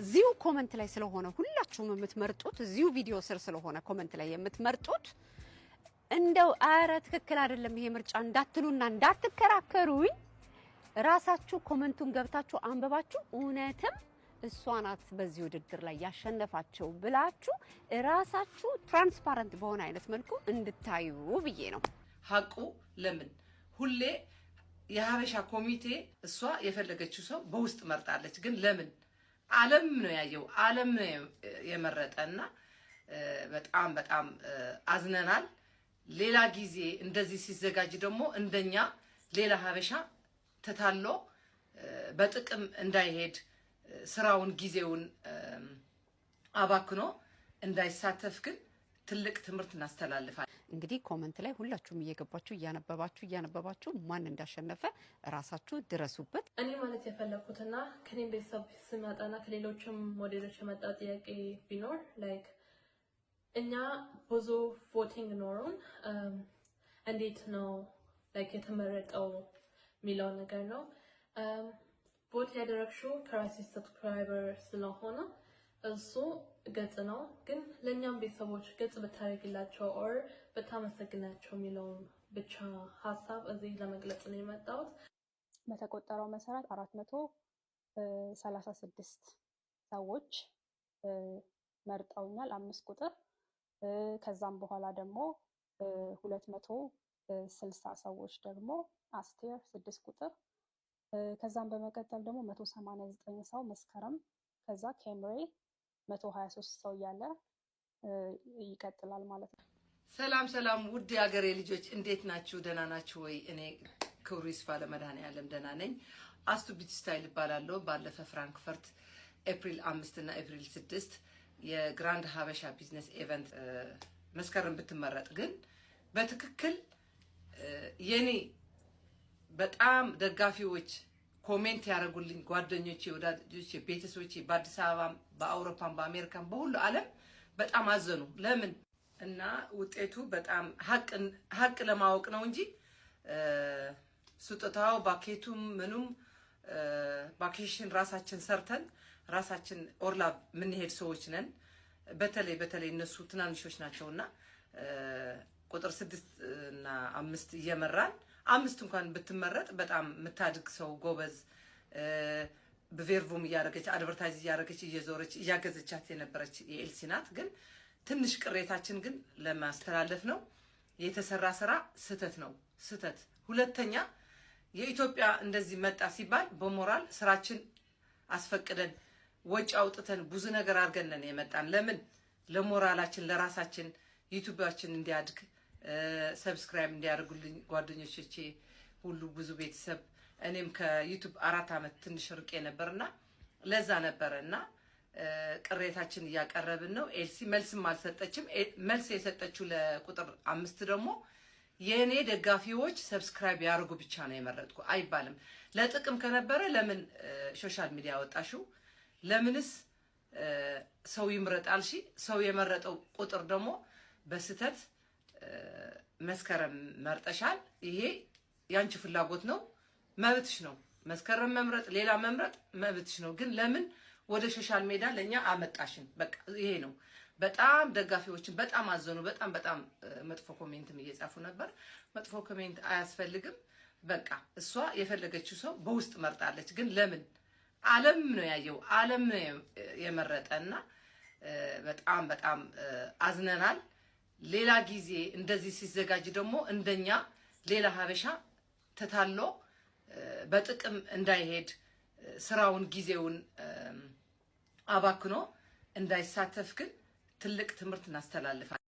እዚሁ ኮመንት ላይ ስለሆነ ሁላችሁም የምትመርጡት እዚሁ ቪዲዮ ስር ስለሆነ ኮመንት ላይ የምትመርጡት እንደው አረ ትክክል አይደለም ይሄ ምርጫ እንዳትሉና እንዳትከራከሩኝ ራሳችሁ ኮመንቱን ገብታችሁ አንብባችሁ እውነትም እሷ ናት በዚህ ውድድር ላይ ያሸነፋቸው ብላችሁ ራሳችሁ ትራንስፓረንት በሆነ አይነት መልኩ እንድታዩ ብዬ ነው። ሀቁ ለምን ሁሌ የሀበሻ ኮሚቴ እሷ የፈለገችው ሰው በውስጥ መርጣለች፣ ግን ለምን ዓለም ነው ያየው፣ ዓለም ነው የመረጠና በጣም በጣም አዝነናል። ሌላ ጊዜ እንደዚህ ሲዘጋጅ ደግሞ እንደኛ ሌላ ሀበሻ ተታሎ በጥቅም እንዳይሄድ ስራውን ጊዜውን አባክኖ እንዳይሳተፍ ግን ትልቅ ትምህርት እናስተላልፋል። እንግዲህ ኮመንት ላይ ሁላችሁም እየገባችሁ እያነበባችሁ እያነበባችሁ ማን እንዳሸነፈ ራሳችሁ ድረሱበት። እኔ ማለት የፈለኩትና ከኔም ቤተሰብ ስመጣና ከሌሎችም ሞዴሎች የመጣ ጥያቄ ቢኖር ላይክ እኛ ብዙ ቮቲንግ ኖሩን um, እንዴት ነው ላይክ የተመረጠው የሚለው ነገር ነው። ቮት um, ያደረግሽው ከራሴ ሰብስክራይበር ስለሆነ እሱ ገጽ ነው። ግን ለእኛም ቤተሰቦች ገጽ ብታደርግላቸው ኦር ብታመሰግናቸው የሚለውን ብቻ ሀሳብ እዚህ ለመግለጽ ነው የመጣሁት። በተቆጠረው መሰረት አራት መቶ ሰላሳ ስድስት ሰዎች መርጠውኛል አምስት ቁጥር ከዛም በኋላ ደግሞ ሁለት መቶ ስልሳ ሰዎች ደግሞ አስቴር ስድስት ቁጥር ከዛም በመቀጠል ደግሞ መቶ ሰማንያ ዘጠኝ ሰው መስከረም ከዛ ኬምሬ መቶ ሀያ ሶስት ሰው እያለ ይቀጥላል ማለት ነው። ሰላም ሰላም፣ ውድ የሀገሬ ልጆች እንዴት ናችሁ? ደህና ናችሁ ወይ? እኔ ክብሩ ይስፋ ለመድኃኔዓለም ደህና ነኝ። አስቱ ቢት ስታይል እባላለሁ። ባለፈ ፍራንክፈርት ኤፕሪል አምስት እና ኤፕሪል ስድስት የግራንድ ሀበሻ ቢዝነስ ኤቨንት መስከረም ብትመረጥ ግን በትክክል የኔ በጣም ደጋፊዎች ኮሜንት ያደረጉልኝ ጓደኞቼ፣ ወዳጆቼ፣ ቤተሰቦቼ በአዲስ አበባም በአውሮፓም በአሜሪካም በሁሉ ዓለም በጣም አዘኑ። ለምን እና ውጤቱ በጣም ሀቅ ለማወቅ ነው እንጂ ስጦታው ባኬቱም ምኑም ባኬሽን ራሳችን ሰርተን ራሳችን ኦርላ የምንሄድ ሰዎች ነን። በተለይ በተለይ እነሱ ትናንሾች ናቸውና ቁጥር ስድስት እና አምስት እየመራን አምስት እንኳን ብትመረጥ በጣም የምታድግ ሰው ጎበዝ ብቬርቮም እያደረገች አድቨርታይዝ እያደረገች እየዞረች እያገዘቻት የነበረች የኤልሲ ናት። ግን ትንሽ ቅሬታችን ግን ለማስተላለፍ ነው የተሰራ ስራ ስህተት ነው ስህተት። ሁለተኛ የኢትዮጵያ እንደዚህ መጣ ሲባል በሞራል ስራችን አስፈቅደን ወጪ አውጥተን ብዙ ነገር አድርገን የመጣን። ለምን ለሞራላችን ለራሳችን ዩቱባችን እንዲያድግ ሰብስክራይብ እንዲያደርጉልኝ ጓደኞቼ ሁሉ ብዙ ቤተሰብ እኔም ከዩቱብ አራት ዓመት ትንሽ ርቄ ነበርና ለዛ ነበረ እና ቅሬታችን እያቀረብን ነው። ኤልሲ መልስም አልሰጠችም። መልስ የሰጠችው ለቁጥር አምስት ደግሞ የእኔ ደጋፊዎች ሰብስክራይብ ያደርጉ ብቻ ነው የመረጥኩ አይባልም። ለጥቅም ከነበረ ለምን ሶሻል ሚዲያ ወጣሽው? ለምንስ ሰው ይምረጣል? ሺ ሰው የመረጠው ቁጥር ደግሞ በስተት መስከረም መርጠሻል። ይሄ ያንቺ ፍላጎት ነው፣ መብትሽ ነው። መስከረም መምረጥ፣ ሌላ መምረጥ መብትሽ ነው። ግን ለምን ወደ ሶሻል ሜዳ ለእኛ አመጣሽን? በቃ ይሄ ነው። በጣም ደጋፊዎችን በጣም አዘኑ። በጣም በጣም መጥፎ ኮሜንትም እየጻፉ ነበር። መጥፎ ኮሜንት አያስፈልግም። በቃ እሷ የፈለገችው ሰው በውስጥ መርጣለች። ግን ለምን ዓለም ነው ያየው፣ ዓለም ነው የመረጠ እና በጣም በጣም አዝነናል። ሌላ ጊዜ እንደዚህ ሲዘጋጅ ደግሞ እንደኛ ሌላ ሀበሻ ተታሎ በጥቅም እንዳይሄድ ስራውን ጊዜውን አባክኖ እንዳይሳተፍ ግን ትልቅ ትምህርት እናስተላልፋል።